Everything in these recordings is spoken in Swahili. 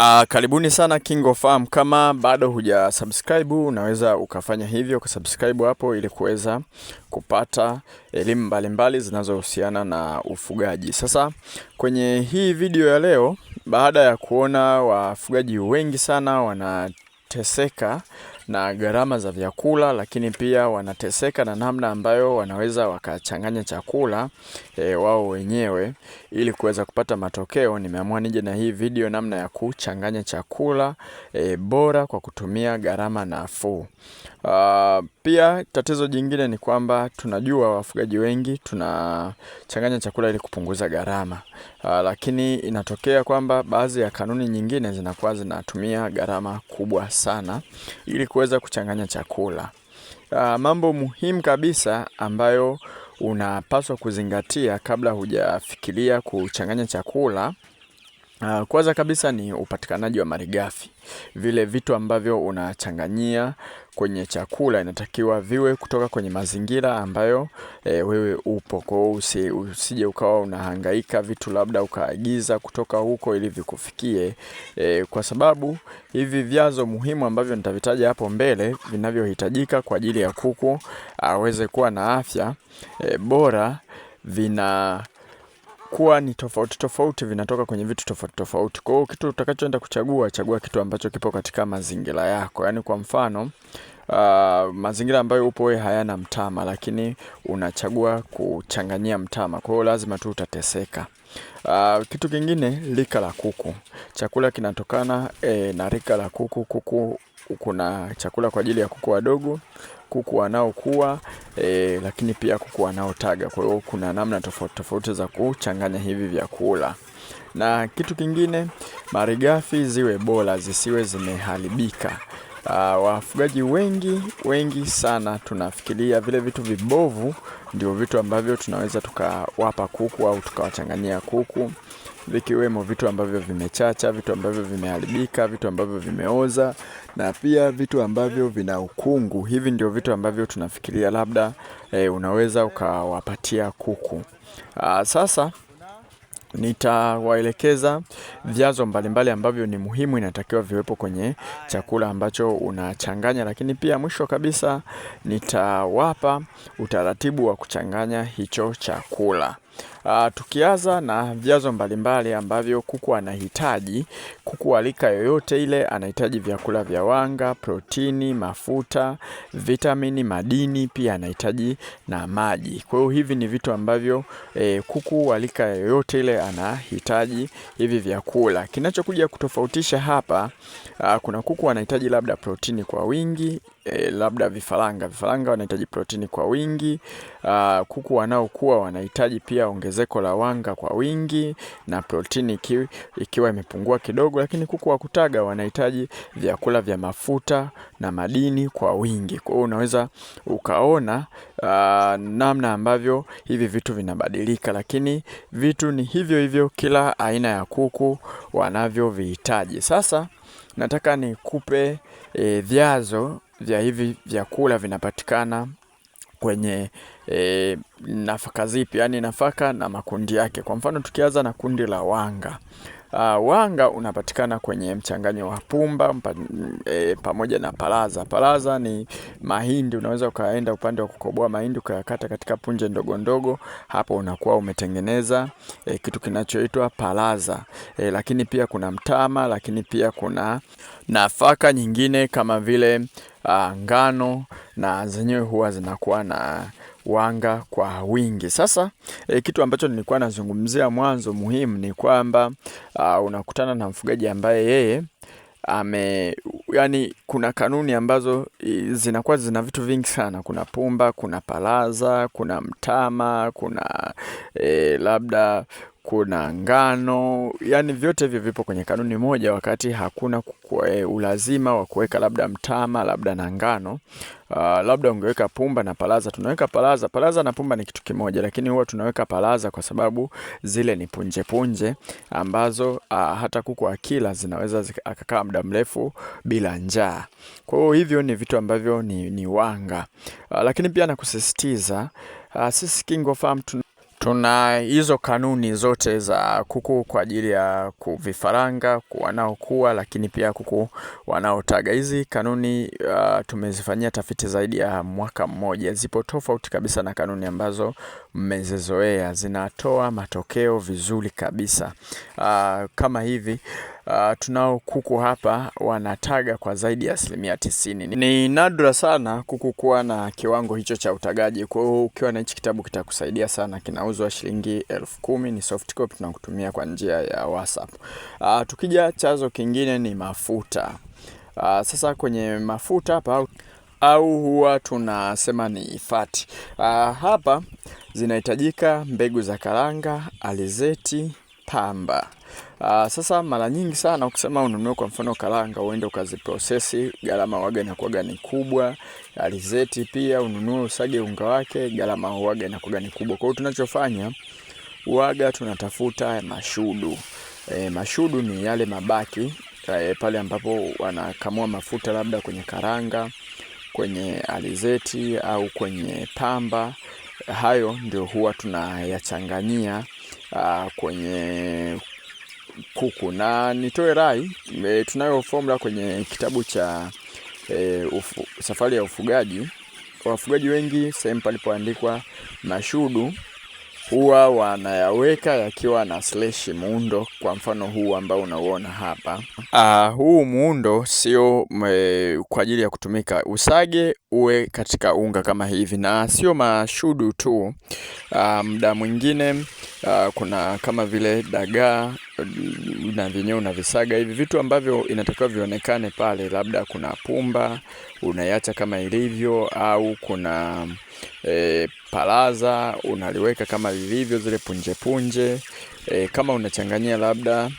Uh, karibuni sana KingoFarm. Kama bado huja subscribe, unaweza ukafanya hivyo subscribe hapo ili kuweza kupata elimu mbalimbali zinazohusiana na ufugaji. Sasa kwenye hii video ya leo, baada ya kuona wafugaji wengi sana wanateseka na gharama za vyakula, lakini pia wanateseka na namna ambayo wanaweza wakachanganya chakula e, wao wenyewe ili kuweza kupata matokeo. Nimeamua nije na hii video namna ya kuchanganya chakula e, bora kwa kutumia gharama nafuu. Uh, pia tatizo jingine ni kwamba tunajua wafugaji wengi tunachanganya chakula ili kupunguza gharama. Uh, lakini inatokea kwamba baadhi ya kanuni nyingine zinakuwa zinatumia gharama kubwa sana ili kuweza kuchanganya chakula. Uh, mambo muhimu kabisa ambayo unapaswa kuzingatia kabla hujafikiria kuchanganya chakula Uh, kwanza kabisa ni upatikanaji wa malighafi. Vile vitu ambavyo unachanganyia kwenye chakula inatakiwa viwe kutoka kwenye mazingira ambayo e, wewe upo. Kwa hiyo usi, usije ukawa unahangaika vitu labda ukaagiza kutoka huko ili vikufikie e, kwa sababu hivi vyazo muhimu ambavyo nitavitaja hapo mbele vinavyohitajika kwa ajili ya kuku aweze kuwa na afya e, bora vina kuwa ni tofauti tofauti, vinatoka kwenye vitu tofauti tofauti. Kwa hiyo kitu utakachoenda kuchagua, chagua kitu ambacho kipo katika mazingira yako. Yaani kwa mfano Uh, mazingira ambayo upo wewe hayana mtama, lakini unachagua kuchanganyia mtama, kwa hiyo lazima tu utateseka. Uh, kitu kingine lika la kuku, chakula kinatokana e, na lika la kuku. Kuku kuna chakula kwa ajili ya kuku wadogo, kuku wanaokuwa e, eh, lakini pia kuku wanaotaga. Kwa hiyo kuna namna tofauti tofauti za kuchanganya hivi vyakula na kitu kingine, malighafi ziwe bora, zisiwe zimeharibika. Uh, wafugaji wengi wengi sana tunafikiria vile vitu vibovu ndio vitu ambavyo tunaweza tukawapa kuku au tukawachanganyia kuku, vikiwemo vitu ambavyo vimechacha, vitu ambavyo vimeharibika, vitu ambavyo vimeoza na pia vitu ambavyo vina ukungu. Hivi ndio vitu ambavyo tunafikiria labda eh, unaweza ukawapatia kuku. Uh, sasa nitawaelekeza vyanzo mbalimbali ambavyo ni muhimu inatakiwa viwepo kwenye chakula ambacho unachanganya, lakini pia mwisho kabisa nitawapa utaratibu wa kuchanganya hicho chakula. Uh, tukianza na vyazo mbalimbali ambavyo kuku anahitaji. Kuku wa rika yoyote ile anahitaji vyakula vya wanga, protini, mafuta, vitamini, madini, pia anahitaji na maji. Kwa hiyo hivi ni vitu ambavyo eh, kuku wa rika yoyote ile anahitaji hivi vyakula. Kinachokuja kutofautisha hapa, uh, kuna kuku anahitaji labda protini kwa wingi E, labda vifaranga vifaranga wanahitaji protini kwa wingi. Uh, kuku wanaokuwa wanahitaji pia onge ongezeko la wanga kwa wingi na protini iki, ikiwa imepungua kidogo, lakini kuku wa kutaga wanahitaji vyakula vya mafuta na madini kwa wingi. Kwa hiyo unaweza ukaona uh, namna ambavyo hivi vitu vinabadilika, lakini vitu ni hivyo hivyo, kila aina ya kuku wanavyovihitaji. Sasa nataka nikupe e, vyazo vya hivi vyakula vinapatikana kwenye e, nafaka zipi, yani nafaka na makundi yake. Kwa mfano tukianza na kundi la wanga. Uh, wanga unapatikana kwenye mchanganyo wa pumba mpa, e, pamoja na palaza. Palaza ni mahindi, unaweza ukaenda upande wa kukoboa mahindi ukayakata katika punje ndogo ndogo, hapo unakuwa umetengeneza e, kitu kinachoitwa palaza e, lakini pia kuna mtama, lakini pia kuna nafaka nyingine kama vile uh, ngano na zenyewe huwa zinakuwa na wanga kwa wingi. Sasa e, kitu ambacho nilikuwa nazungumzia mwanzo muhimu ni kwamba uh, unakutana na mfugaji ambaye yeye ame yani, kuna kanuni ambazo zinakuwa zina vitu vingi sana. Kuna pumba, kuna palaza, kuna mtama, kuna e, labda kuna ngano, yani vyote hivyo vipo kwenye kanuni moja, wakati hakuna kukwe, ulazima wa kuweka labda mtama labda na ngano. Uh, labda ungeweka pumba na palaza. Tunaweka palaza, palaza na pumba ni kitu kimoja, lakini huwa tunaweka palaza kwa sababu zile ni punje punje ambazo uh, hata kuku akila zinaweza akakaa muda mrefu bila njaa. Kwa hiyo hivyo ni vitu ambavyo ni, ni wanga uh, lakini pia nakusisitiza uh, sisi KingoFarm tuna Tuna hizo kanuni zote za kuku kwa ajili ya kuvifaranga wanaokuwa, lakini pia kuku wanaotaga. Hizi kanuni uh, tumezifanyia tafiti zaidi ya mwaka mmoja, zipo tofauti kabisa na kanuni ambazo mmezizoea, zinatoa matokeo vizuri kabisa. Aa, ah, kama hivi Uh, tunao kuku hapa wanataga kwa zaidi ya asilimia tisini. Ni nadra sana kuku kuwa na kiwango hicho cha utagaji. Kwa hiyo ukiwa na hichi kitabu kitakusaidia sana, kinauzwa shilingi elfu kumi. Ni soft copy tunakutumia kwa njia ya WhatsApp. Uh, tukija chazo kingine ni mafuta. Uh, sasa kwenye mafuta hapa au huwa tunasema ni fati. Uh, hapa zinahitajika mbegu za karanga, alizeti, pamba. Aa, ah, sasa mara nyingi sana ukisema ununue kwa mfano karanga uende ukaziprosesi, gharama waga na kuaga ni kubwa. Alizeti pia ununue usage unga wake, gharama waga na kuaga ni kubwa. Kwa hiyo tunachofanya waga tunatafuta mashudu. E, mashudu ni yale mabaki e, pale ambapo wanakamua mafuta labda kwenye karanga, kwenye alizeti au kwenye pamba Hayo ndio huwa tunayachanganyia uh, kwenye kuku, na nitoe rai e, tunayo formula kwenye kitabu cha e, ufu, safari ya ufugaji. Wafugaji wengi sehemu palipoandikwa mashudu huwa wanayaweka yakiwa na slash muundo, kwa mfano huu ambao unauona hapa. Uh, huu muundo sio kwa ajili ya kutumika usage uwe katika unga kama hivi, na sio mashudu tu. Uh, muda mwingine uh, kuna kama vile dagaa mm, na vyenyewe unavisaga hivi, vitu ambavyo inatakiwa vionekane pale. Labda kuna pumba unaiacha kama ilivyo, au kuna e, palaza unaliweka kama lilivyo, zile punje punje. E, kama unachanganyia labda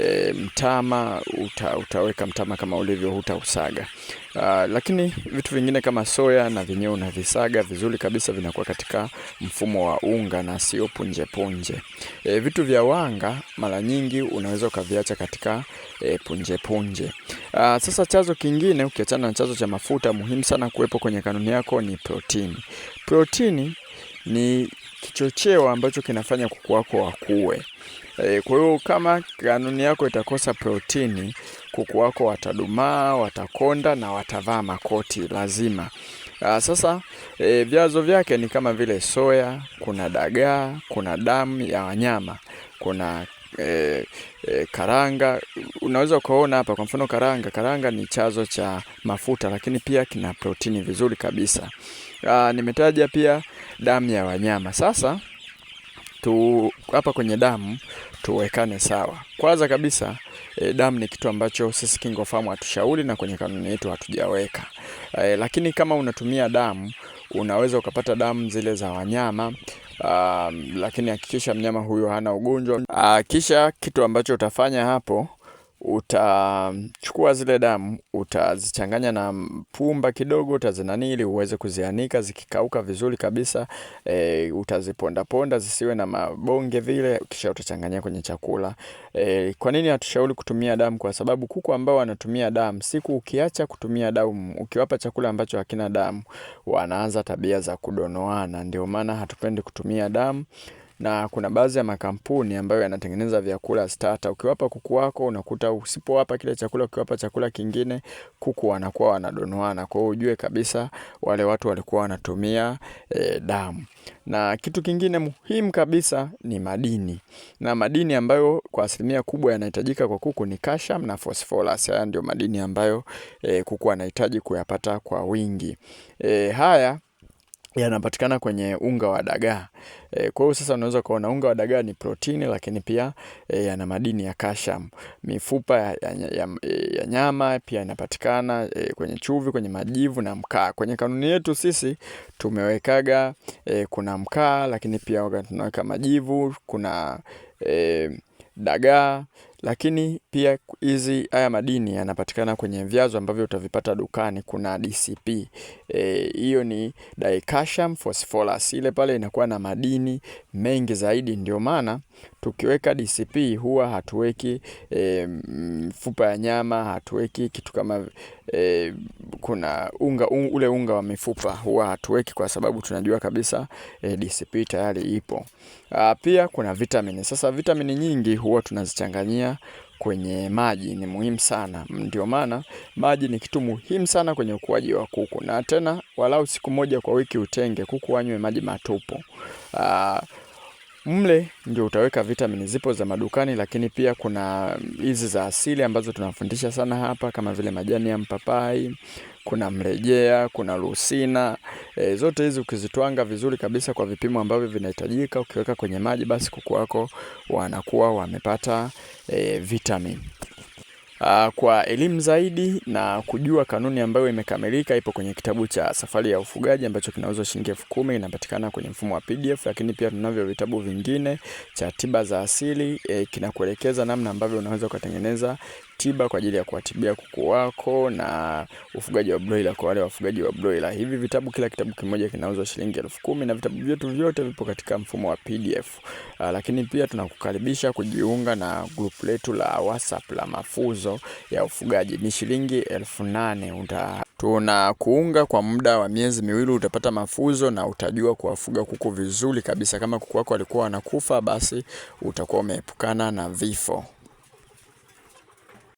e, mtama uta, utaweka mtama kama ulivyo, utausaga. Uh, ah, Lakini vitu vingine kama soya na vyenyewe unavisaga vizuri kabisa, vinakuwa katika mfumo wa unga na sio punje punje. E, vitu vya wanga mara nyingi unaweza ukaviacha katika e, punje punje. Uh, sasa chazo kingine ukiachana na chazo cha mafuta, muhimu sana kuwepo kwenye kanuni yako ni protini. Protini ni kichocheo ambacho kinafanya kuku wako wakue. E, kwa hiyo kama kanuni yako itakosa protini, kuku wako watadumaa, watakonda na watavaa makoti lazima. Aa, ah, sasa e, eh, vyanzo vyake ni kama vile soya, kuna dagaa, kuna damu ya wanyama, kuna E, e, karanga unaweza ukaona hapa kwa mfano karanga. Karanga ni chanzo cha mafuta, lakini pia kina protini vizuri kabisa. Aa, ah, nimetaja pia damu ya wanyama. Sasa tu hapa kwenye damu tuwekane sawa. Kwanza kabisa e, damu ni kitu ambacho sisi KingoFarm hatushauri na kwenye kanuni yetu hatujaweka e, lakini kama unatumia damu unaweza ukapata damu zile za wanyama um, lakini hakikisha mnyama huyo hana ugonjwa. kisha kitu ambacho utafanya hapo utachukua zile damu utazichanganya na pumba kidogo, utazinani ili uweze kuzianika. Zikikauka vizuri kabisa e, utaziponda ponda zisiwe na mabonge vile, kisha utachanganya kwenye chakula e. Kwa nini hatushauri kutumia damu? Kwa sababu kuku ambao wanatumia damu, siku ukiacha kutumia damu, ukiwapa chakula ambacho hakina damu, wanaanza tabia za kudonoana. Ndio maana hatupendi kutumia damu na kuna baadhi ya makampuni ambayo yanatengeneza vyakula starter. Ukiwapa kuku wako unakuta usipowapa kile chakula, ukiwapa chakula kingine, kuku wanakuwa wanadonoana. Kwa hiyo ujue kabisa wale watu walikuwa wanatumia e, damu. Na kitu kingine muhimu kabisa ni madini, na madini ambayo kwa asilimia kubwa yanahitajika kwa kuku ni calcium na phosphorus. Haya ndio madini ambayo e, kuku anahitaji kuyapata kwa wingi e, haya yanapatikana kwenye unga wa dagaa. E, kwa hiyo sasa unaweza kuona unga wa dagaa ni protini, lakini pia e, yana madini ya kasham Mifupa ya, ya, ya, ya nyama pia inapatikana e, kwenye chumvi, kwenye majivu na mkaa. Kwenye kanuni yetu sisi tumewekaga e, kuna mkaa, lakini pia tunaweka majivu, kuna e, dagaa lakini pia hizi haya madini yanapatikana kwenye vyazo ambavyo utavipata dukani. Kuna DCP e, hiyo, e, ni dicalcium phosphorus. Ile pale inakuwa na madini mengi zaidi, ndio maana tukiweka DCP huwa hatuweki e, mfupa ya nyama, hatuweki kitu kama e, kuna unga un, ule unga wa mifupa huwa hatuweki kwa sababu tunajua kabisa e, DCP tayari ipo. A, pia kuna vitamini. Sasa vitamini nyingi huwa tunazichanganyia kutumia kwenye maji ni muhimu sana. Ndio maana maji ni kitu muhimu sana kwenye ukuaji wa kuku, na tena walau siku moja kwa wiki utenge kuku wanywe maji matupu. Mle ndio utaweka vitamini, zipo za madukani, lakini pia kuna mm, hizi za asili ambazo tunafundisha sana hapa, kama vile majani ya mpapai, kuna mrejea, kuna rusina. E, zote hizi ukizitwanga vizuri kabisa kwa vipimo ambavyo vinahitajika, ukiweka kwenye maji, basi kuku wako wanakuwa wamepata e, vitamini. Uh, kwa elimu zaidi na kujua kanuni ambayo imekamilika ipo kwenye kitabu cha Safari ya Ufugaji ambacho kinauzwa shilingi elfu kumi. Inapatikana kwenye mfumo wa PDF, lakini pia tunavyo vitabu vingine cha tiba za asili eh, kinakuelekeza namna ambavyo unaweza ukatengeneza tiba kwa ajili ya kuwatibia kuku wako na ufugaji wa broiler kwa wale wafugaji wa broiler. Hivi vitabu kila kitabu kimoja kinauzwa shilingi elfu kumi na vitabu vyetu vyote vipo katika mfumo wa PDF. Uh, ah, lakini pia tunakukaribisha kujiunga na grupu letu la WhatsApp la mafuzo ya ufugaji ni shilingi elfu nane uta tuna kuunga kwa muda wa miezi miwili, utapata mafunzo na utajua kuwafuga kuku vizuri kabisa. Kama kuku wako walikuwa wanakufa, basi utakuwa umeepukana na vifo.